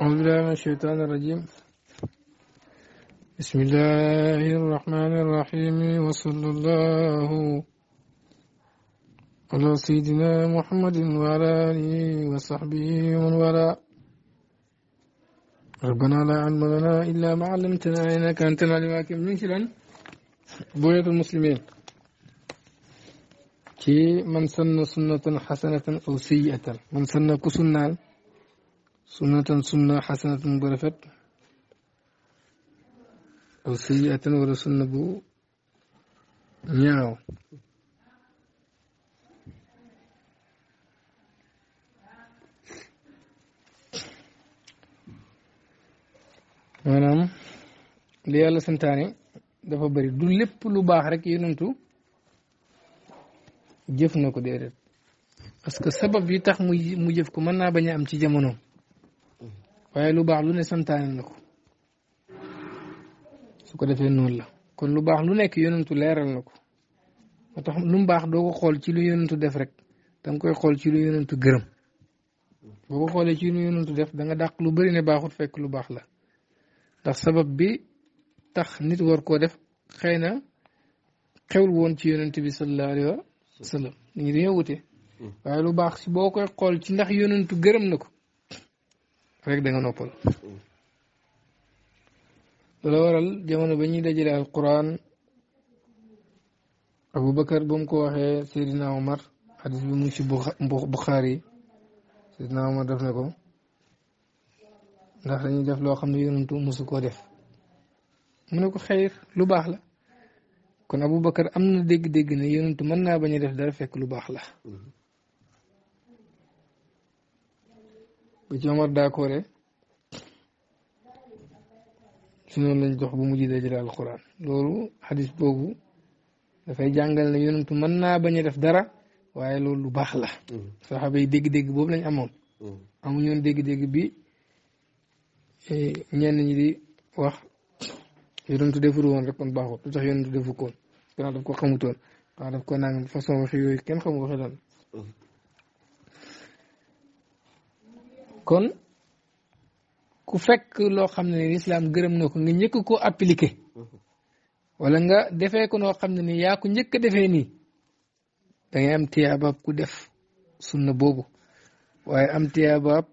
أعوذ بالله من الشيطان الرجيم بسم الله الرحمن الرحيم وصلى الله على سيدنا محمد وعلى آله وصحبه ومن والاه ربنا لا علم لنا إلا ما علمتنا إنك أنت العليم الحكيم من شلن بوية المسلمين كي من سن سنة حسنة أو سيئة من سن كسنان sunnatan sunna xasanatan bu rafet aw sayiatan wala sunna bu ñaaw maanaam li yàlla santaane dafa bëri du lépp lu baax rek yonentu jëf na ko déedéet parce que sabab yi tax mu mu jëf ko mën naa bañ a am ci jamono waaye lu baax lu ne santaane na ko su ko defee noonu la kon lu baax lu nekk yonentu leeral na ko moo tax lu mu baax doo ko xool ci lu yonentu def rek danga koy xool ci lu yonentu gërëm boo xoolee ci lu def da nga lu bëri ne baaxut fekk lu baax la ndax sabab bi tax nit war koo def xëy na xewul woon ci yonent bi sallallahu alayhi wa sallam nit ñi dañoo hmm. waaye lu baax si boo koy xool ci ndax yonentu gërëm na ko rek da nga noppal mm. waral jamono ba ñuy dajale alquran aboubacar ba mu ko waxee seydina omar xadis bi mu ngi ci buxaari seydina omar def na ko ndax dañuy def loo xam ne yonentu mosu koo def mu ne ko xeyr lu baax la kon aboubacar am na dégg-dégg ne yonentu mën naa bañ a def dara fekk lu baax la mm-hmm. bu ci Omar d'accord si noonu lañ dox bu mujj dajale alquran loolu xadis boobu dafay jàngal ne yonentu man naa bañ def dara waaye loolu lu baax la mm-hmm. saxaaba yi dégg-dégg boobu lañ amoon mm-hmm. amu ñoon dégg-dégg bi e, ñenn ñi di wax yonentu defuru woon rek kon baaxul tax yonentu defu koon xanaa daf ko xamutoon xanaa daf ko nangam façon waxi yooyu kenn xamu waxi lan kon ku fekk loo xam ne ni lislaam gërëm na ko nga njëkk koo appliqué wala nga defee ko noo xam ne ni yaa ko njëkk a defee nii da ngay am tiyaabaab ku def sunna boobu waaye am tiyaabaab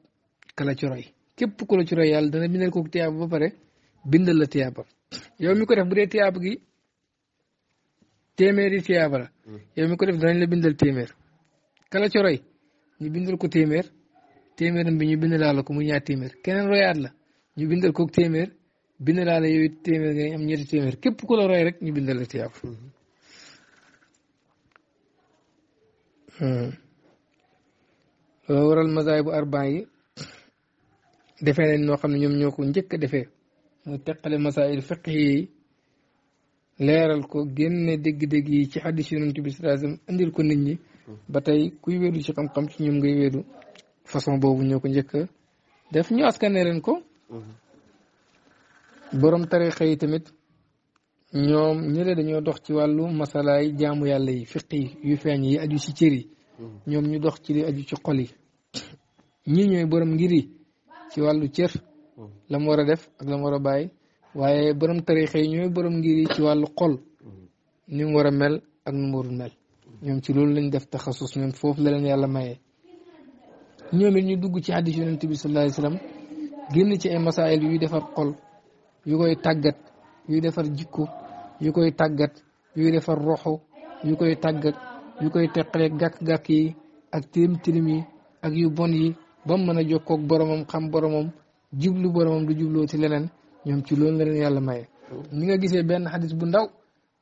kala ci roy képp ku la ci roy yàlla dana bindal ko tiyaaba ba pare bindal la tiyaaba yow mi ko def bu dee tiyaaba gi téeméeri tiyaaba la hmm. yow mi ko def danañ la bindal téeméer kala ci ñu bindal ko téeméer téeméeram bi ñu bind laa la ko mu ñaar téeméer keneen royaat la ñu bindal kook téeméer bind laa la yooyu téeméer ngay am ñetti téeméer képp ku la roy rek ñu bindal la tiyaab hmm. loolu bu arbaa yi defee noo xam ne ñoom ñoo ko njëkk a defee mu teqale masail fiq yi leeral ko génne dégg-dégg yi ci xaddis yonent bi sallallahu alayhi indil ko nit ñi hmm. ba tey kuy wéedu ci xam-xam ci ñoom ngay wéedu façon boobu ñoo ko njëkk def ñu askane leen ko mhm. borom tarixa yi tamit ñoom ñële dañoo dox ci wàllu masalaay jaamu yàlla yi fiq yi yu feeñ yi aju ci cër yi mhm. ñoom ñu dox ci li aju ci xol yi ñii ñooy borom ngir yi ci wàllu cër mhm. la mu war a def ak la mu war a bàyyi waaye boroom tarixa yi ñooy borom ngir yi ci wàllu xol ni mu war a mel ak nu mu warul mel ñoom ci loolu lañ def taxasus même foofu la leen yàlla mayee ñoom it ñu dugg ci hadis yonent bi sallallahu alayhi wasallam génn ci ay masaayil yuy defar xol yu koy tàggat yuy defar jikko yu koy tàggat yuy defar roxo yu koy tàggat yu koy teqalee gàkk-gàkk yi ak tilim-tilim yi ak yu bon yi ba mën a jokkoog boromam xam boromam jublu boromam du jubloo ci leneen ñoom ci loolu la leen yàlla maye. ni nga gisee benn hadis bu ndaw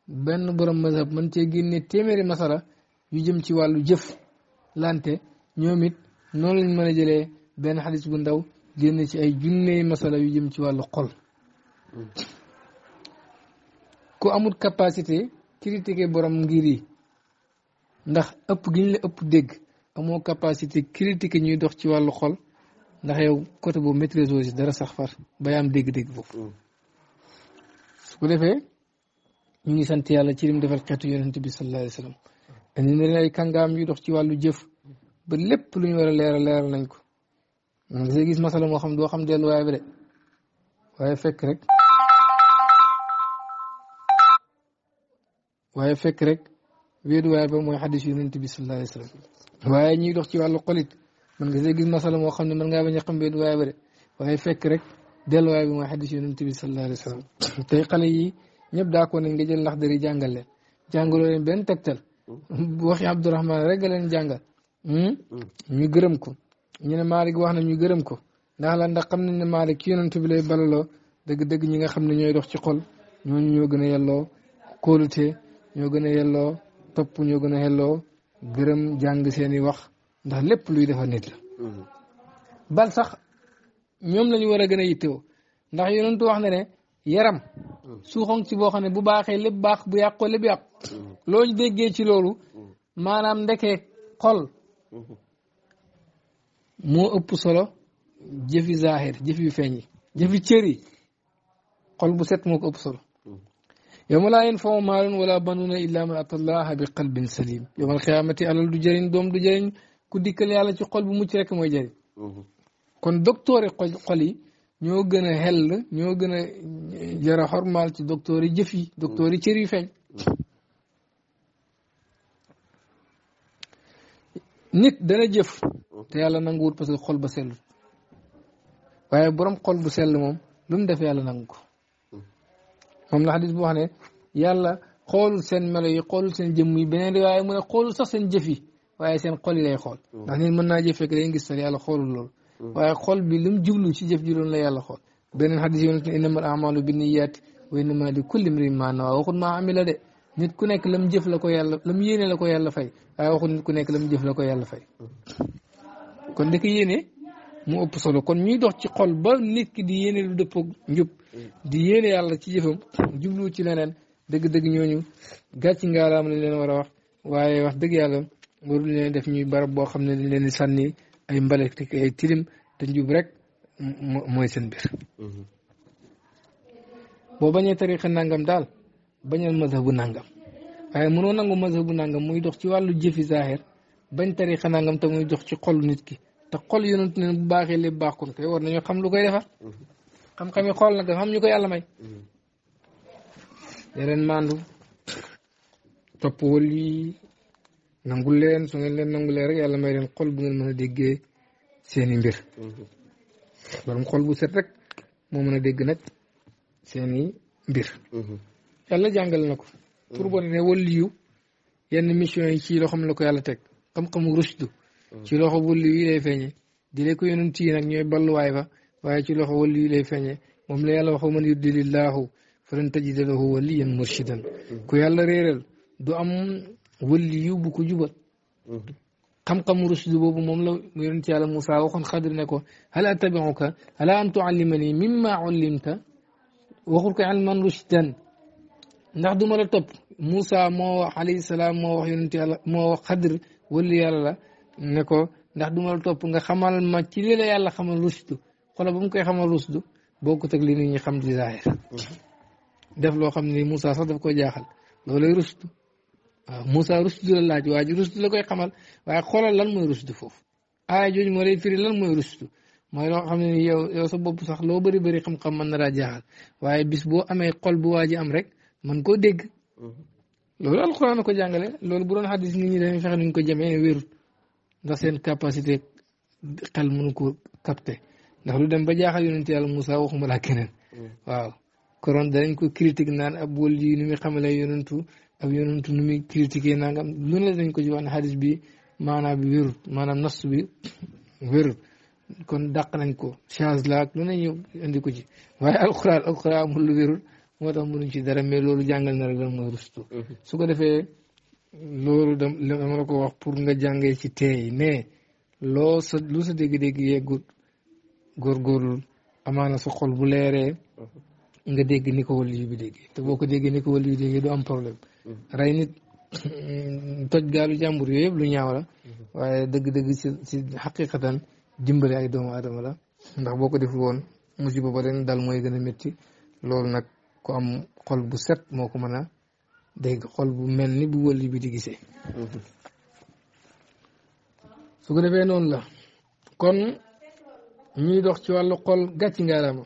benn borom mazhab mën cee génne téeméeri masala yu jëm ci wàllu jëf lante ñoom it noonu lañ mën a jëlee benn xadis bu ndaw génn ci ay junney masala yu jëm ci wàllu xol ku amut capacité critiquer borom ngir yi ndax ëpp gi ñu la ëpp dégg amoo capacité critiquer ñuy dox ci wàllu xol ndax yow côté boobu maîtrise aussi dara sax far bay am dégg-dégg boobu mm. su ko defee ñu ngi sant yàlla ci lim defal xeetu yonent bi sallallahu alayhi wa sallam indi ba lu ñu war a leeral leeral nañ ko da ngay moo xam doo xam delluwaay bi de waaye fekk rek waaye fekk rek wéeruwaay ba mooy xadis yonent bi ñuy dox ci wàllu xolit man nga see gis masala moo xam ne man ngaa bañ a xam wéeruwaay ba de waaye fekk rek delluwaay bi mooy xadis yonent bi sallallahu alayhi wasallam tey xale nañ nga jël laxdari jàngal leen jàngaloo leen benn tegtal hmm. waxi Abdourahman rek nga leen jàngal Hmm? Hmm. ñu gërëm ko ñu ne Malick wax na ñu gërëm ko ndax la ndax xam nañ ne Malick ci yonent bi lay balaloo dëgg-dëgg ñi nga xam ne ñooy dox ci xol ñooñu ñoo gën a yelloo kóolute ñoo gën a yelloo topp ñoo gën a yelloo gërëm jàng seeni wax ndax lépp luy defar nit la hmm. bal sax ñoom lañu war a gën a yittewoo ndax yonentu wax ne ne yaram suuxoŋ si boo xam ne bu baaxee lépp baax bu yàqoo lépp yàqu loo déggee ci loolu maanaam ndekee xol moo ëpp solo jëfi zaahir jëf yu feeñ yi jëfi cër yi bu set moo ko ëpp solo yawma laa yanfau maalun wala banuuna illaa man atallaaha bi qalbin salim yawmal xiyaamati alal du jëriñ doom du jëriñ ku dikkal yàlla ci xol bu mucc rekk mooy jëriñ kon docteur yi yi ñoo gën a xel ñoo gën a jara xormaal ci docteur yi jëf yi docteur feeñ nit dana jëf te yàlla nanguwul parce que xol ba sellut waaye borom xol bu sell moom lu mu def yàlla nangu ko moom la xadis bu wax ne yàlla xoolul seen melo yi xoolul seen jëmm yi beneen riwaay mu ne xoolul sax seen jëf yi waaye seen xol yi lay xool ndax nit mën naa jëf fekk day gis sol yàlla xoolul loolu waaye xol bi lu mu jublu ci jëf ji loolu la yàlla xool beneen xadis yi ne innamal amalu binniyaat wa innama li kulli imrin ma nawa waxut maa amila de nit ku nekk lam jëf la ko yàlla lam yéene la ko yàlla fay waaye waxul nit ku nekk la lam jëf la ko yàlla fay kon di yéene mu ëpp solo kon ñuy dox ci xol ba nit ki di yéene lu dëppoog njub di yéene yàlla ci jëfam jublu ci leneen dëgg-dëgg ñooñu gàcc ngaalaam la leen war a wax waaye wax dëgg yàlla warul leen def ñuy barab boo xam ne dañ leen di sànni ay mbalit ak tilim te njub rek mooy seen biir mm-hmm. boo bañee tarixa nangam daal bañal mazhabu nangam waaye mënoo nangu mazhabu nangam muy dox ci wàllu jëfi zahir bañ a nangam te muy dox ci xol nit ki te xol yonent ne bu baaxee lépp baax kon kay war nañoo xam lu koy defar xam-xami xool nag dafa am ñu ko yàlla may yeneen mandu topp wël yi nangu leen su ngeen yàlla may leen xol bu ngeen mën déggee seeni mbir borom xol bu set rek moo mën a dégg nag seeni mbir yàlla jàngal na ko pour bon ne waliyu yenn mission yi ci loxoom la ko yàlla teg xam xam rusdu ci loxo waliyu yi lay feeñe di lee ko yonent yi nag ñooy balluwaay ba waaye ci loxo waliyu yi lay feeñe moom la yàlla waxoo man yuddilillaahu falan tajida lahu waliyan murshidan ku yàlla réeral du am yu bu ko jubal xam xam rusdu boobu moom la yonent yàlla musa waxoon xadri ne ko hal atabiuka ala an tuallimani mimma ullimta waxul ko ilman rushdan ndax du ma la topp Moussa moo wax alayhi salaam moo wax yonent yàlla moo wax xadir wëll yàlla la ne ko ndax du ma la topp nga xamal ma ci li la yàlla xamal rusdu xoolal ba mu koy xamal rusdu bokkut ak li nit ñi xam di zaahir def loo xam ne Moussa sax daf ko jaaxal loolay rusdu waaw Moussa rusdu la laaj waa ji rusdu la koy xamal waaye xoolal lan mooy rusdu foofu aaya jooju moo lay firi lan mooy rusdu mooy loo xam ne yow yow sa bopp sax loo bëri bëri xam-xam mën na daa jaaxal waaye bis boo amee xol bu waa ji am rek man koo dégg mhm. loolu alxuraan ko jàngale loolu bu doon xaddis nit ñi dañuy fexe ko jamee ne wérut ndax seen capacité xel mënu ko capté ndax lu dem ba jaaxal yonent yàlla Moussa waxuma laa keneen mhm. waaw koron danañ ko critique naan ab wól yi nu muy xamale yonentu ab yonentu nu muy critiqué nangam lu ne dañ ko ci wax ne xaddis bi maanaam bi wérut maanaam nas bi wérut kon dàq nañ ko change la ak lu ne ñu ko ci waaye alxuraan alxuraan amul lu wérut moo tax mënuñ ci dara mais loolu jàngal na rek lan mooy rustu mm-hmm. su ko defee loolu dama la ko wax pour nga jàngee ci teey mais loo sa lu sa dégg-dégg yeggut góorgóorlu amaana sa xol bu leeree mm-hmm. nga dégg ni ko wàllu yu bi déggee te boo ko déggee ni ko wàllu yu déggee du am problème mm-hmm. rey nit toj gaalu jàmbur yëpp lu ñaaw la dëgg-dëgg ci ci xaqiqatan dimbale ay doomu aadama la ndax boo ko deful woon musiba ba ren dal mooy gën a métti loolu nag ku am xol bu set moo ko mën a dégg xol bu mel ni bu wëli bi di gisee mhm. su ko defee noon la kon ñuy dox ci wàllu xol gàcci ngaaraama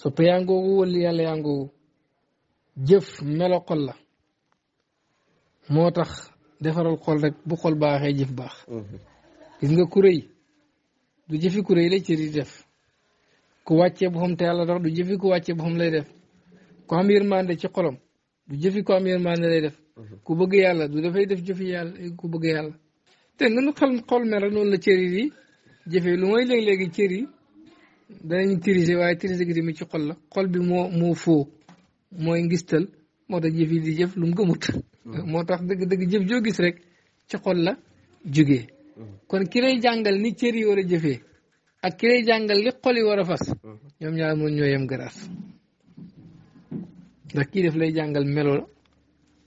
soppe yaa ngoogu wëli yàlla yaa ngoogu jëf melo xol la moo tax defaral xol rek bu xol baaxee jëf baax mhm. gis nga ku rëy du jëfi ku lay cër yi def ku wàccee boppam te yàlla dox du jëfi ku wàccee boppam lay def ku am yërmande ci xolom du jëfi ku am yërmande lay def mhm. ku bëgg yàlla du dafay def jëfi yàlla ku bëgg yàlla te nanu xel xol mel rek noonu la cër yi jëfee lu mooy léeg-léegi cër yi danañ tirise waaye tirise gi tamit ci xol la xol bi moo moo foo mooy ngistal moo tax jëf yi di jëf lu mu gëmut mhm. moo tax dëgg dëgg jëf joo gis rek ci xol la jógee mhm. kon ki lay jàngal ni cër yi war a jëfee ak ki lay jàngal li xol yi war a fas ñoom ñaar mën ñoo yem garaas ndax kii def lay jàngal melo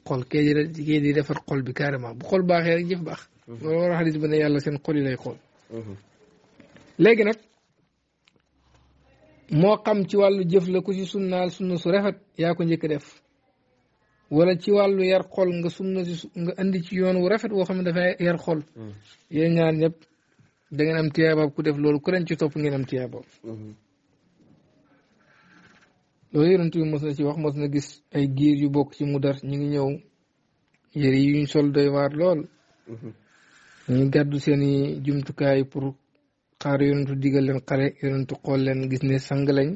xol kee di kee defar xol bi carrément bu xol baaxee rek jëf baax ba mhm. ne yàlla seen xol yi lay xool mhm. léegi nag moo xam ci wàllu jëf la ku ci sunnaal sunna su rafet yaa ko njëkk def wala ci wàllu yar xol nga sunna si nga indi ci yoon wu rafet woo xam ne dafay yar xol mhm. yéen ñaar ñëpp da ngeen am tiyaabaab ku def loolu ku leen ci topp ngeen am tiyaabaab loolu yonent bi mos na ci wax mos na gis ay giir yu bokk ci mu dar ñu ngi ñëw yëre yuñ sol doy waar lool mhm. ñu gàddu seeni jumtukaay pour xaar yonentu digal leen xare yonentu xool leen gis ne sang lañ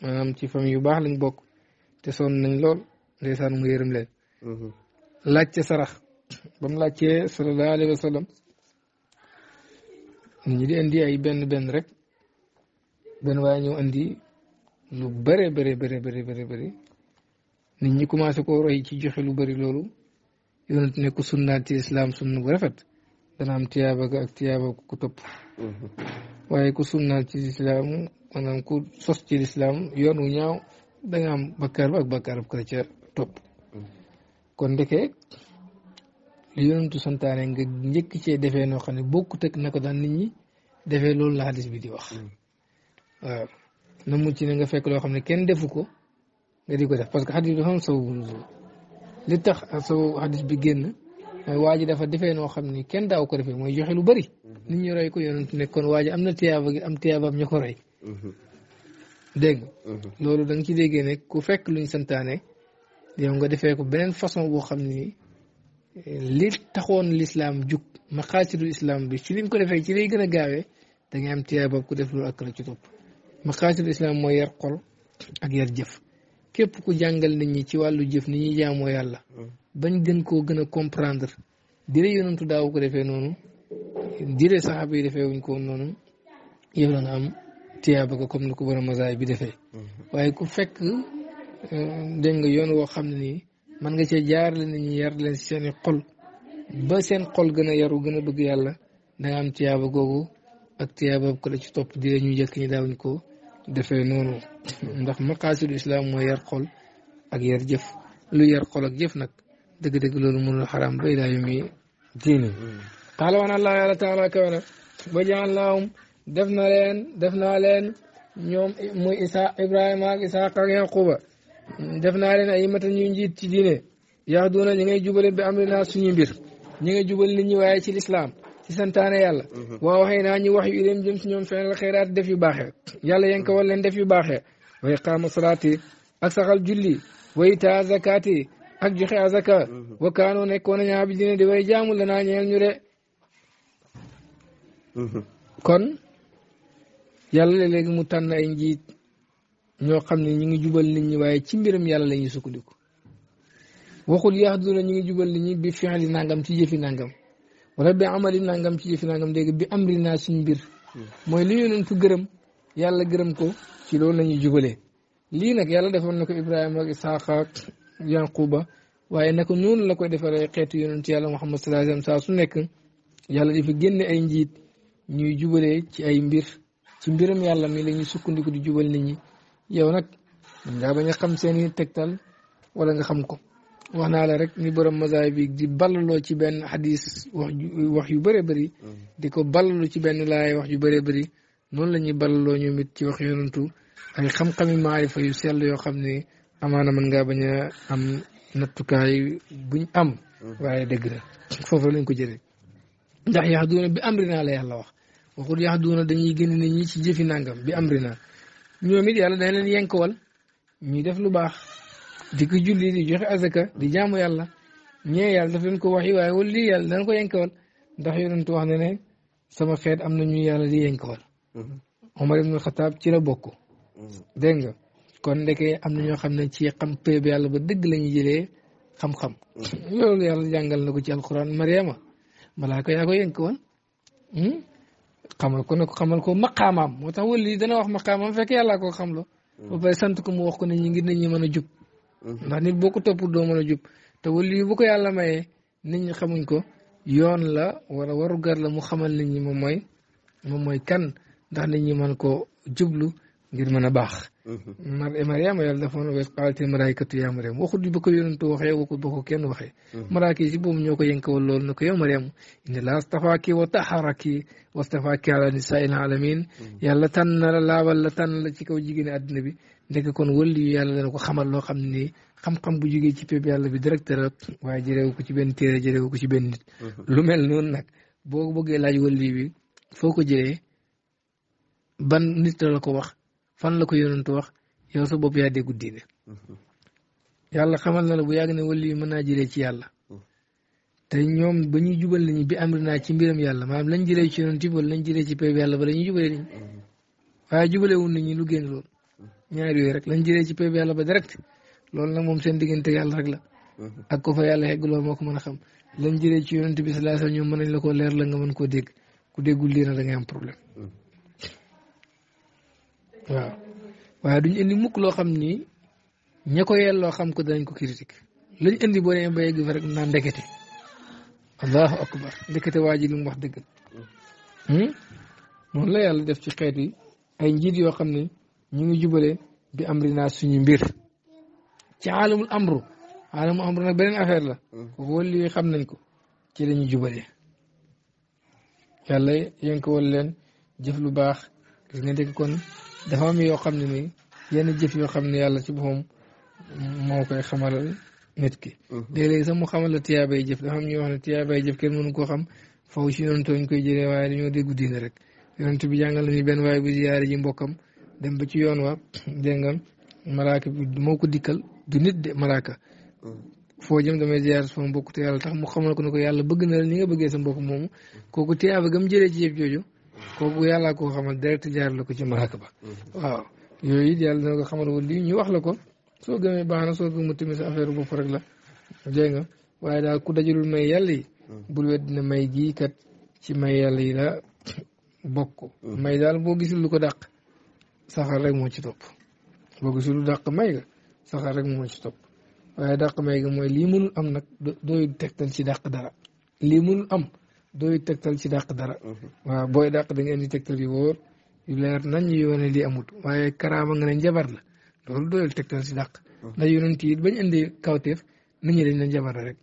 maanaam ci famille yu baax lañ bokk te sonn nañ lool ndeysaan mu yërëm leen mhm. laajte sarax ba mu laajtee sallallahu alayhi wa sallam di indi ay benn benn rek benn waaye ñëw indi lu bëre bëre bëre bëri bëri bëri nit ñi commencé koo roy ci joxe lu bëri loolu yonent ne ku sunnaat ci islam bu rafet dana am tiyaaba ga ak tiyaaba ku topp mm-hmm. waaye ku sunnaat ci islam ku sos ci islam yoon wu ñaaw da am bakkaar ba ak bakkaar ba ka ca topp mm-hmm. kon ndeke li yonentu santaane nga njëkk cee defee noo xam ne bokkut ak na ko daan nit ñi defee loolu la hadis bi di wax mm-hmm. na mucc ne nga fekk loo xam ne kenn defu ko nga di ko def parce que xadis bi dafa am sababu nuzul li tax sababu xadis bi génn waa ji dafa defee noo xam ni kenn daaw ko defee mooy joxe lu bëri mm-hmm. nit ñu roy ko yonent ne kon waa am na tiyaaba gi am tiyaabaam ñu ko roy mm-hmm. dégg mm-hmm. da nga ci déggee ne ku fekk luñ santaane yow nga defee ko beneen façon boo xam ni li taxoon lislaam jug maqaasidul islaam bi ci liñ ko defee ci lay gën a gaawee da ngay am tiyaaba ku def loolu ak la ci topp maqaasid islam mooy yar xol ak yar jëf képp ku jàngal nañ ñi ci wàllu jëf ni ñuy jaamoo yàlla bañ gën koo gën a comprendre dire yonantu daaw ko defee noonu dire saxaaba yi defee wuñ ko woon noonu yow dana am tiyaaba ko comme ni ko borom masaay bi defee waaye ku fekk euh, dégg nga yoon woo xam ne mën nga cee jaarale nit ñi yar xol ba seen xol gën a yaru gën a bëgg yàlla da nga am googu ak tiyaaba ko la ci topp dire ñu njëkk ñi daawuñ ko defee noonu ndax maqaasidu islam mooy ak yar jëf lu yar xol ak jëf nag dëgg-dëgg loolu mënul allah yàlla taala kawana ba na leen def naa leen ñoom muy isa ibrahima ak isaaq yaquba def naa leen ay mata ñu jiit ci diine yahduuna ñi ngay jubale bi amrina suñu mbir ñi ngay jubal nit ñi waaye ci lislaam ci santaane yàlla mhm. waaw waxee naa ñu wax yu ileem jëm ñoom feneen la def yu baaxee yàlla yanka wal leen def yu baaxe wa iqaama salaati ak saxal julli wa itaa zakaati ak joxe azaka mhm. wa kaanoo nekkoon nañu abidina di way jaamu la naa ñeel ñu de mhm. kon yàlla léegi mu tànn ay ñoo xam ne ñu ngi jubal nit ñi waaye ci mbiram yàlla la sukkandiku waxul yaxdu la ñu ngi jubal nit ñi bi fexli nangam ci jëfi nangam wala bi amali nangam ci jëfi nangam léegi bi amri naa suñ mbir mooy li yonentu gërëm yàlla gërëm ko ci loolu la ñuy jubalee lii nag yàlla defoon na ko Ibrahima ak Isaaqa ak Yanquba waaye naka noonu la koy defaree xeetu yonentu yàlla Muhammad sallallahu alayhi wasallam saa su nekk yàlla dafa génne ay njiit ñuy jubale ci ay mbir ci mbiram yàlla mi la ñuy sukkandiku di jubal nit ñi yow nag ngaa bañ a xam seeni tegtal wala nga xam ko wax naa la rek ni borom mazaay bi di ballaloo ci benn xadis wax yu bëree bëri mm-hmm. di ko ballaloo ci benn laay wax yu bëree bari noonu la ñuy ballaloo ñoom it ci wax yonantu ay xam-xami maarifa yu sell yoo xam ne amaana mën nga bañ a am nattukaay buñ am mm-hmm. waaye dëgg la foofu lañ ko jëlee ndax yaxduuna bi la naa la wax wax waxul yaxduuna dañuy génn nit ñi ci jëfi nangam bi amri naa ñoom it yàlla dañ leen ñuy def lu baax di ko julli di joxe azaka di jaamu yàlla ñee yàlla daf leen ko waxi waaye wala lii yàlla dana ko yenkawal ndax yonentu wax ne ne sama xeet am na ñu yàlla di yenkawal Omar mm-hmm. ibn Xataab ci la bokk mm-hmm. dégg nga kon ndeke am na ñoo xam ne ci xam péeb yàlla ba dëgg la ñuy jëlee xam-xam mm-hmm. loolu yàlla jàngal na ko ci alquran Mariama balaa ko yaa ko yenkawal hmm? xamal ko ne ko xamal ko maqaamaam moo tax wala lii dana wax maqaamaam fekk yàllaa koo xam lo ba pare sant ko mu wax ko ne ñi ngir nañ a jub Mhm. ndax nit boo ko topp doo mën a jub te wali bu ko yàlla mayee nit ñi xamuñ ko yoon la wala waru gar la mu xamal nit ñi moom mooy moom mooy kan ndax nit ñi mën koo jublu ngir mën a baax mhm. mar mariama yàlla dafa woon wees xaalate maraykatu yaa mariam waxut ba ko yonentu waxee waxut ba ko kenn waxee mhm. maraaki si boobu ñoo ko yënkawal na ko yow mariam inna laa stafaaki wa taharaki wastafaaki ala nisaa il alamin yàlla tànn la laabal la tànn la ci kaw jigéeni àddina bi ndekk kon wëlli yu yàlla dana ko xamal loo xam ni xam-xam bu jógee ci pépp yàlla bi direct la waaye jëreewu ko ci benn téere jëreewu ko ci benn nit mhm. lu mel noonu nag boo bëggee laaj wëlli bi foo ko jëlee ban nitta la ko wax fan la ko yonantu wax yow sa bopp yaa déggu diine mhm. yàlla xamal na la bu yàgg ne wëlli yu mën naa jëlee ci yàlla mhm. te ñoom ba ñuy jubal nañu bi amri naa ci mbiram yàlla maanaam lañ jëlee ci yonent bi wala lañ jëlee ci pépp yàlla ba la ñuy jubalee ñaar yooyu rek lañ jëlee ci PB yàlla ba direct loolu nag moom seen diggante yàlla rek la mhm. ak ko fa yàlla yegg loolu moo ko mën a xam lañ jëlee ci yonent bi sallallahu alayhi wasallam ñoom mën nañ la ko leer la nga mën koo dégg ku déggul lii na da ngay am problème mhm. waaw waaye duñ indi mukk loo xam ni ña ko yelloo xam ko danañ ko critique lañ indi boo demee ba yegg fa rek naan ndekete allahu akbar ndekete waa ji li mu wax dëgg mhm. hmm? noonu la yàlla def ci xeet yi ay njiit yoo xam ne ñu ngi jubale bi amrina suñu mbir ci aalamul amru aalamu amru nag beneen affaire la kooku mm. wali xam nañ ko ci lañu jubale yàlla yënk wal leen jëf lu baax gis nga dégg kon dafa am yoo xam ne ni yenn jëf yoo xam ne yàlla ci boppam moo koy xamal nit ki mm-hmm. léeg-léeg sax mu xamal la tiyaabay jëf dafa am ñu wax ne tiyaabay jëf kenn mënu koo xam faw ci yonantoo ñu koy jëlee waaye dañoo déggu diine rek yonent bi jàngal nañu benn waaye bu ziyaare mbokkam dem ba ci yoon wa dégg nga malaaka bi moo ko dikkal du nit de malaaka foo jëm damay ziar sama mbokk te yàlla tax mu xamal ko ne ko yàlla bëgg na la ni nga bëggee sa mbokk moomu kooku tiyaaba gam jëlee ci yëpp jooju ko yàllaa koo xamal direct jaar la ko ci malaaka ba waaw yooyu it yàlla dina ko xamal woon ñu wax la ko soo gëmee baax na soo gëmu tamit sa affaire bopp rek la dégg waaye daal ku dajalul may yàlla yi bul wet dina may gii kat ci may yi la bokk mm. may daal boo gisul lu ko dàq saxar rek moo ci topp boo gisul dàq may ga saxar rek moo ci topp waaye dàq may ga mooy lii mënul am nag dooy tegtal ci dàq dara lii mënul am dooy tegtal ci dàq dara mhm. waa booy dàq da ngeen di tegtal yu wóor yu leer nañ yu wane lii amut waaye karaama nga ne njabar la loolu dooyul tegtal ci dàq mhm. ndax yonent yi bañ indi kawteef nit ñi dañ na njabar rek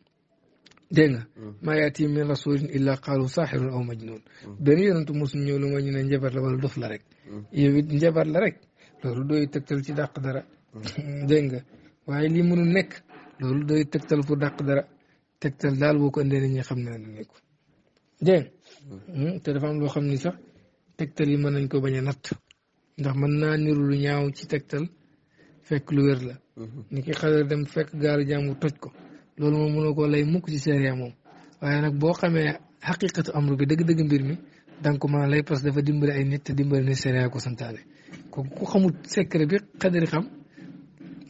dégg nga mm. maa yaati min rasulin illa qaalu saaxirun aw majnun mm. benn yonentu mosul ñëw lu ma ñu ne njabar la wala dof la rek mm. yow it njabar la rek loolu dooy tegtal ci daq dara dégg nga waaye lii mënul nekk loolu dooy tegtal pour dàq dara tegtal daal boo ko indee nañuy xam ne ni nekku dégg te dafa am loo xam ni sax tegtal yi mën nañ ko bañ a natt ndax mën naa niru lu ñaaw ci tegtal fekk lu wer la mm-hmm. ni ki xadar dem fekk gaaru jàmbur toj ko loolu moom mënoo koo lay mukk ci sariya moom waaye nag boo xamee xaqiqatu amru bi dëgg-dëgg mbir mi da nga ko mën a lay parce que dafa dimbali ay nit te dimbali ne sariya ko santaane ko ku xamul secret bi xadari xam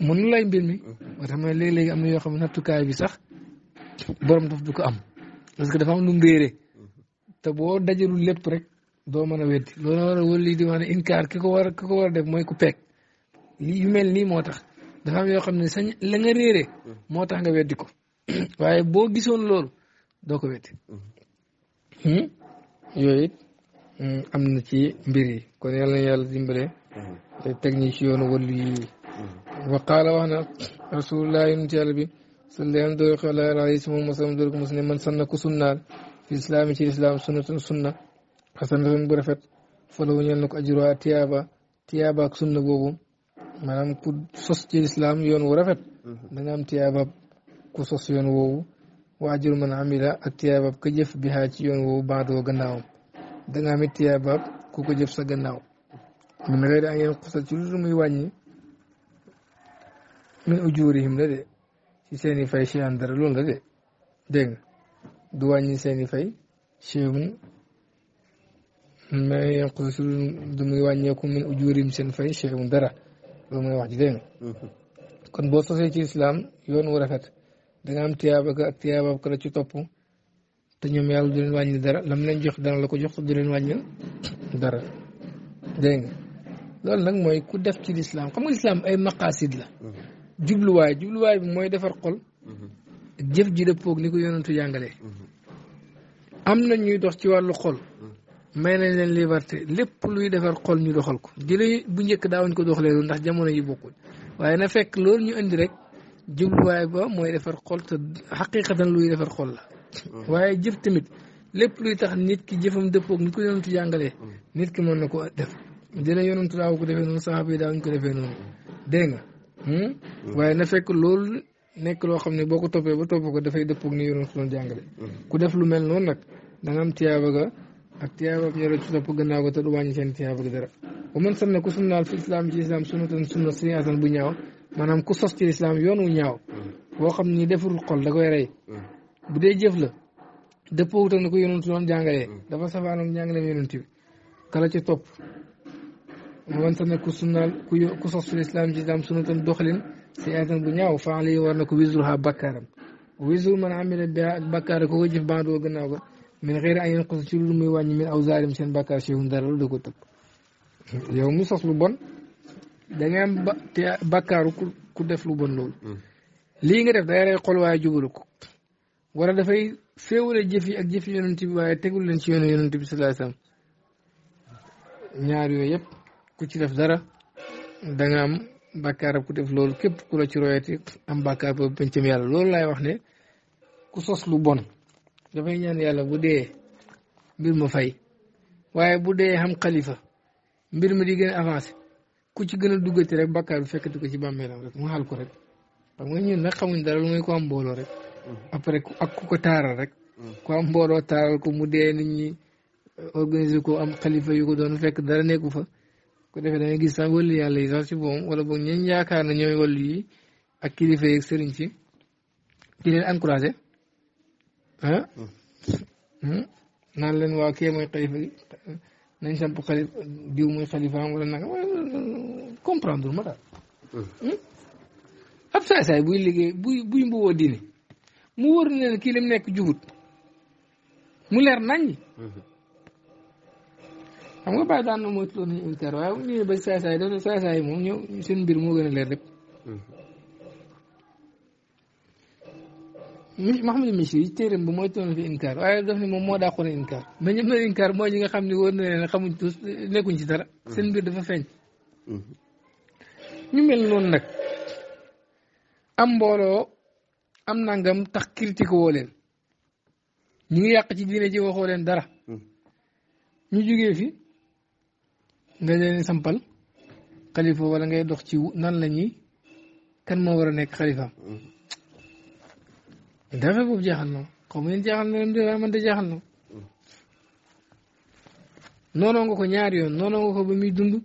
mënu lay mbir mi ba tax ma léeg-léegi am na yoo xam ne nattukaay bi sax borom daf du ko am parce que dafa am lu boo dajalul lépp rek doo mën a weddi loolu war a wël di wax ne ki ko war war a def mooy ku peeg lii yu mel nii moo tax dafa am yoo xam ne sañ la nga moo tax nga weddi ko waaye boo gisoon loolu doo ko wetti hmm? hmm, am na ci mbir kon yàlla na yàlla dimbale hmm. technique yoonu wàllu yi wa qaala wax na rasulullah yonent yàlla bi sallallahu alayhi wa sallam alayhi sama mosam dor ko mos ne man sanna ku sunnaal fi islaami ci islam sunnatun sunna xasanatun bu rafet falawu ñel na ko ajruwaa tiyaaba tiyaaba ak sunna boobu maanaam ku sos ci islam yoon wu rafet danga am tiyaaba ku sos yoon woowu wa ajru man amila ak tiyaabaab ka jëf bi yoon woowu baadoo gannaawam da nga am it tiyaabaab ku ko jëf sa gannaaw min xëy na ngeen xusal ci lu muy fay chey an dara du wàññi seen fay cheyun mais yéen xusal ci lu muy wàññeeku min ujurihim seen fay cheyun dara loolu mooy wax ji dégg nga mm-hmm. kon boo sosee ci islam yoon wu rafet danga am tiyaaba ak tiyaaba ak la ci topp te ñoom yàlla du leen wàññi dara lam leen jox dana la ko jox du leen wàññi dara dégg nga loolu nag mooy ku def ci lislaam xam nga lislaam ay maqaasid la mhm. jubluwaay jubluwaay bi mooy defar xol mhm. jëf ji dëppoog ni ko yonentu jàngalee mhm. am na ñuy dox ci wàllu xol may nañ leen liberté lépp luy defar xol ñu doxal ko jële bu njëkk wañ ko dox doxalee ndax jamono yi bokkul waaye na fekk loolu ñu indi rek jubluwaay ba mooy defar xol te xaqiqatan luy defar xol la waaye jëf tamit lépp luy tax nit ki jëfam dëppoog ni ko yonentu jàngalee nit ki mën na ko def dina ko defee noonu saxaaba yi ngi ko defee noonu dégg nga hmm? Hmm. waaye na fekk loolu nekk loo xam ne boo ko toppee ba topp ko dafay dëppoog ni yonentu doon jàngale hmm. ku def lu mel noonu nag da am tiyaaba ga ak tiyaaba ak ñoro ci topp gannaaw ko te du wàññi seen tiyaaba ga dara bu mën sam ne ku sunnaal fi islam ci islam sunnatan bu ñaaw maanaam ku sos ci lislaam yoon wu ñaaw mm-hmm. boo xam ni defarul xol da koy rey mm-hmm. bu dee jëf la dëppoo wutal na ko yonentu doon jàngalee mm-hmm. dafa safaanoog njàngaleem yonent bi kala ci topp wante nag ku sunnaal ku sos ci lislaam ci islaam sunatan doxalin si atan bu ñaaw faale yi war na ko wisruha bakkaaram wisru man amila bi ak bakkaara ko ko jëf bandoo gannaaw ba min xëyri an yeen xos ci lu muy wàññi min seen bakkaar si hum dara lu da ko tëpp yow mu sos lu bon da ngay am bakkaaru ku def lu bon loolu. lii nga def day rey xol waaye jubalu ko wala dafay féewale jëf yi ak jëf yi yonent bi waaye tegul leen ci yoonu yonent bi sallallahu alayhi wasallam ñaar yooyu yëpp ku ci def dara da am bakkaar ak ku def loolu képp ku la ci royati am bakkaar boobu pencam yàlla loolu laay wax ne ku sos lu bon dafay ñaan yàlla bu dee mbir ma fay waaye bu dee xam xalifa mbir ma di gën a ku ci gën a duggati rek bàkkaar bi fekkati ko ci bàmmeelam rek mu xaal ko rek xam nga ñun na xamuñ dara lu muy ko am mbooloo rek mm-hmm. après ak ku ko taaral rek mm-hmm. ku am mbooloo taaral ko mu dee nit ñi euh, organiser ko am xalifa yu ko doon fekk dara nekku fa ko defee da gis sax wëllu yàlla yi sax si boom wala boog ñun yaakaar na ñooy wëllu yi ak kilifa yeeg sëriñ si di leen encouragé mm-hmm. hmm? leen waa kee mooy xalifa nañ samp xalif diw muy xalifaam wala nanga comprendre ma daal hmm. hmm? ab saay-saay buy liggéey buy buy mbuwoo diine mu wóor ne kii lim nekk jubut mu leer nañ hmm. am nga bàyyi daan na moytu loolu nañu inter waaye bu ba saay-saay dafa saay-saay moom ñëw seen mbir moo gën a leer lépp mi Mouhamed Michir yi téeram moo mooy toon fi inkaar waaye daf ne moom moo dàqoon inkaar mais ñoom ñooy inkaar mooy xam ne wóor na leen nekkuñ ci dara. Mm-hmm. seen mbir dafa feeñ. Mm-hmm. ñu mel noon nag am mbooloo am nangam tax critique woo leen ñu ngi yàq ci diine ji waxoo leen dara. Mm-hmm. ñu jugee fi nga leen sampal xalifa wala ngay dox ci nan la ñuy kan moo war a nekk xalifa dafe boobu jaaxal na xaw ma yéen jaaxal man de jaaxal na noonoo nga ko ñaari yoon noonoo nga ko ba muy dund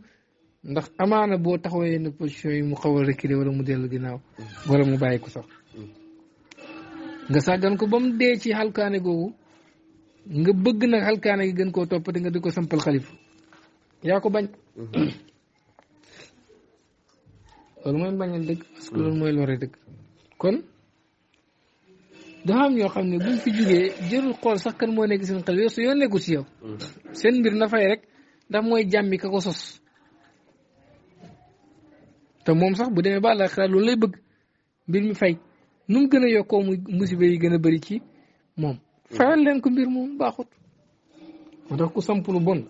ndax amaana boo taxawee ne position yi mu xaw a reculé wala mu dellu ginnaaw wala mu bàyyi ko sax nga sàggan ko ba mu dee ci xalkaane googu nga bëgg nag xalkaane gi gën koo toppati nga di ko sampal xalif yaa ko bañ mm-hmm. loolu mooy bañal dëgg parce que loolu mooy lore dëgg kon dafa am ñoo xam ne buñ fi jugee jërul xool sax kan moo nekk seen xel yow su yoon nekkul si yow. seen mbir na fay rek ndax mooy jàmmi ka ko sos. te moom sax bu demee ba àllaaxira loolu lay bëgg mbir mi fay nu mu gën a yokkoo mu musiba yi gën a bari ci moom. fayal leen ko mbir moom baaxut. moo ku samp lu bon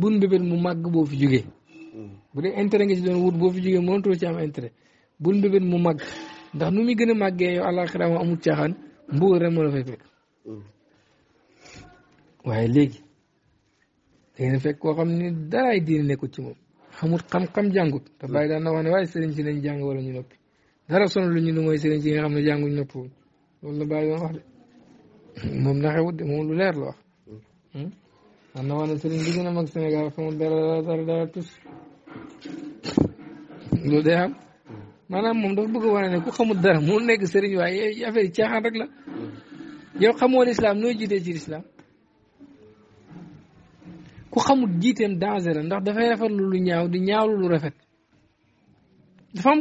bun mbébét mu màgg boo fi jugee. bu dee intérêt nga ci doon wut boo fi jugee mënatoo ci am mu màgg ndax nu muy gën a màggee yow àllaaxira amul caaxaan. mbugal rek moo fekk waaye léegi léegi na fekk koo xam ne daraay diine nekkut ci moom xamut xam-xam jàngut te bàyyi daan na wax ne waaye sëriñ si nañ jàng wala ñu noppi dara sonal lu ñu ne mooy sëriñ xam ne jànguñ wax de moom na xewut de moom lu leer la wax hmm? daan na wax ne mag Sénégal xamut dara dara tus loolu day xam maanaam moom dafa bëgg a wane ku xamul dara mu nekk sëriñ waaye affaire yi caaxaan rek la yow xamoo lislaam nooy jiitee ci lislaam ku xamul jiiteem danger la ndax dafay rafetlu lu ñaaw di ñaaw lu rafet dafa am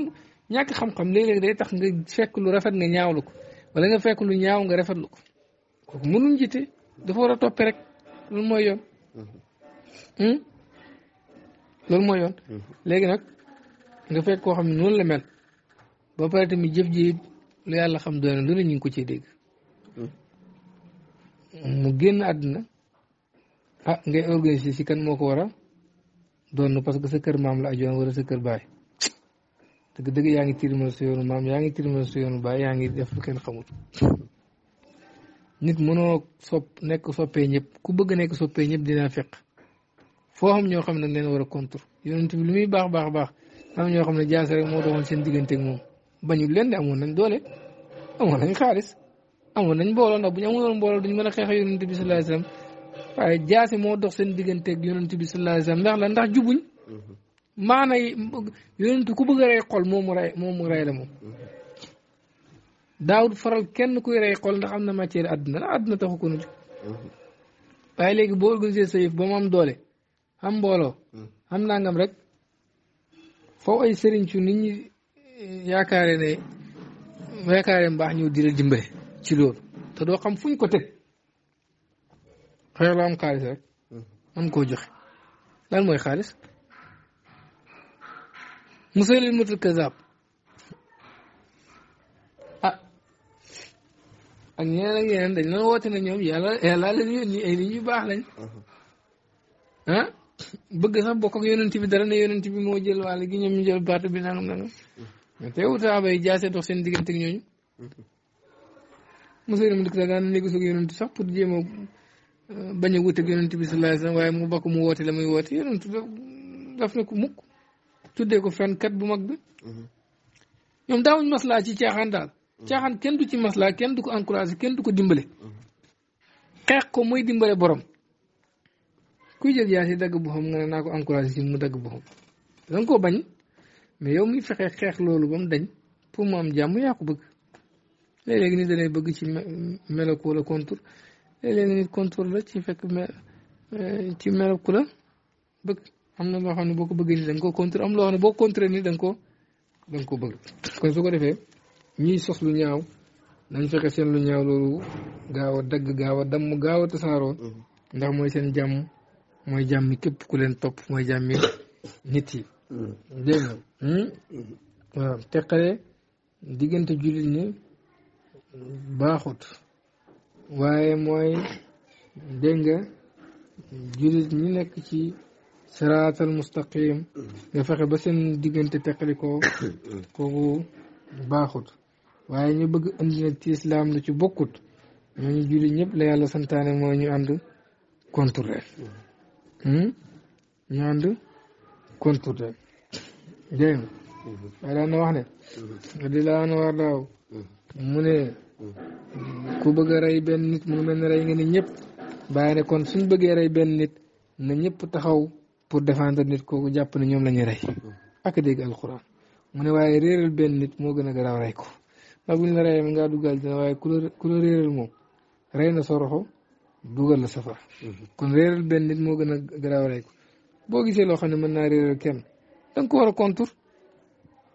ñàkk xam-xam léeg-léeg day tax nga fekk lu rafet nga ñaawlu ko wala nga fekk lu ñaaw nga rafetlu ko kooku mënul dafa war a toppe rek loolu mooy yoon hmm? loolu mooy hmm. léegi nag nga fekk koo xam ne noonu la mel boo pare tamit jëf ji lu yàlla xam doy na lu ne ñu ngi ko ci dégg mu génn àdduna ah ngay organiser si kan moo ko war a doon parce que sa kër maam la ajoon wala sa kër baay dëgg dëgg yaa ngi tirimal sa yoonu maam yaa ngi tirimal sa yoonu baay yaa ngi def lu kenn xamul nit mënoo sopp nekk soppee ñëpp ku bëgg nekk soppee ñëpp dinaa fekk foo xam ñoo xam ne dañ leen war a contre yonent bi lu muy baax baax baax am ñoo xam ne jaas rek moo doxoon seen digganteeg bañu leen de amoon nañ doole amoon nañ xaalis amoon nañ mbooloo ndax bu ñu amoon mbooloo duñ a xeex yonent bi sallallahu alayhi wasallam waaye jaasi moo dox seen digganteeg yonent bi sallallahu alayhi wasallam ndax la ndax jubuñ maana yi yonent ku bëgg a rey xol moomu rey moomu rey la moom daawut faral kenn kuy rey xol ndax am na matière àdduna la àdduna ko waaye léegi boo sa ba mu am doole am mbooloo am rek foofu ay su nit yaakaare ne yaakaare mbaax ñëw di la dimbale ci loolu te doo xam fuñ ko teg xëy la am xaalis rek mm-hmm. am koo joxe lan mooy xaalis Musaylimatul Kazaab ah ka ñeneen ak yeneen dañ doon woote ne ñoom yàlla yàlla la baax lañ mm-hmm. ah bëgg sax bokk ak yonent bi dara ne yonent bi moo jël wàll gi ñoom jël baatu bi nangam nangam mm-hmm. teewul saxaaba yi jaase dox seen diggante ak ñooñu Musaylima mu dëkk la daan néegu soog yonent sax pour jéem a euh, bañ a wuteeg yonent bi sallallahu waaye mu bakk mu wootee la muy woote yonent daf ne ko mukk tuddee ko fenkat bu mag bi ñoom daawuñ maslaa ci caaxaan daal caaxaan kenn du ci maslaa kenn du ko encouragé kenn du ko dimbale xeex ko muy dimbale borom kuy jël jaase dagg bu xam nga ne naa ko encouragé ci mu dagg bu xam danga koo bañ mais yow muy fexe xeex loolu ba mu dañ pour mu am jàmm yaa ko bëgg léeg-léeg nit dalay bëgg ci meloku la contour léeg-léeg nit contour la ci fekk euh, ci meloku la bëgg am na loo xam ne boo ko bëggee nii da ko contour am loo xam ne boo contouré nii da ko da ko bëgg kon su ko defee ñiy sos lu ñaaw nañ fexe seen lu ñaaw loolu gaaw a dagg gaaw a damm gaaw a tasaaroo mm-hmm. ndax mooy seen jàmm mooy jàmmi képp ku leen topp mooy jàmmi nit yi dégg teqale diggante jullit ñi baaxut waaye mooy dégg nga jullit ñi nekk ci siraatal mustaqim nga fexe ba seen diggante teqali ko kooku baaxut waaye ñu bëgg indi nag ci islam lu ci bokkut ñooñu jullit ñëpp la yàlla santaane mooy ñu ànd contrôle hmm? ñu ànd kon tuut rek dégg nga mhm. daan na wax ne mhm. di laa na war daaw mhm. mu ne ku bëgg a rey benn nit mu mel ne rey nga ni ñëpp bàyyi ne kon suñ bëggee rey benn nit na ñëpp taxaw pour défendre nit kooku jàpp ne ñoom la ñuy rey ak dégg alxuraan mu ne waaye réeral benn nit moo gën a garaaw rey ko a buñ la reyee mën ngaa dina waaye ku la moom rey na sa dugal la safara kon réeral benn nit moo gën a garaaw rey ko boo gisee loo xam ne mën naa réeral kenn da ko war a contour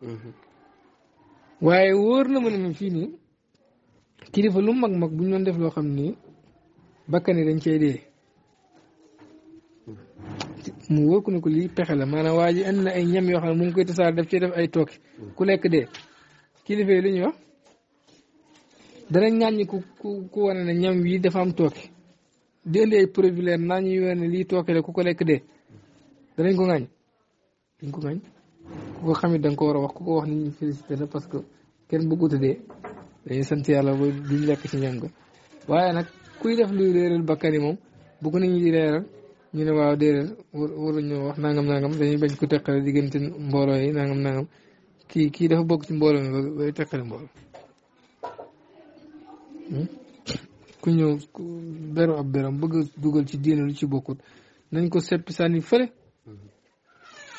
mhm. waaye wóor na ma ne fii nii kilifa lu mag mag bu ñu doon def loo xam ni bakkane dañ cay dee mhm. mu wóor ko ne ko lii pexe la maanaam waa ji indi na ay ñam yoo xam ne mu ngi koy tasaar daf cee def ay tooke mhm. ku lekk dee kilifa yi lu ñuy wax danañ ñàññi ku ku ku wane ñam wii dafa am tooke di indi ay preuve naa ñuy wane lii tooke la ku ko lekk de danañ ko ŋañ dañ ko ŋañ ku ko xamit da ko war a wax ku ko wax nit ñi félicité la parce que kenn bëggut a dee dañuy sant yàlla ba duñ lekk ci ñam ga waaye nag kuy def luy réeral bakkan yi moom bëgg nañu di réeral ñu ne waaw déedéet waruñoo wax nangam nangam dañuy bañ ko teqale diggante mbooloo yi nangam nangam kii kii dafa bokk ci mbooloo mi ba bay teqale mbooloo hmm? ku ñëw beru ab beram bëgg dugal ci diine ci bokkut nañ ko seppi sànni fële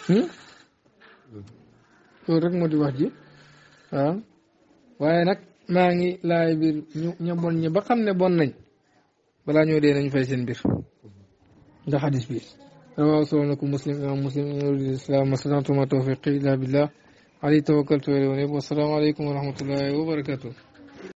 loolu rek moo di wax ji waaw waaye nag maa ngi laay biir ñu ña bon ñi ba xam ne bon nañ balaa ñoo dee nañ fay seen mbir ndax xadis bi rawaaw solo na ko muslim imam muslim inrdi islam masalamtuma tawfiqi illa billah ali tawakkaltu wa salaamu aleykum wa rahmatullahi wa barakatuh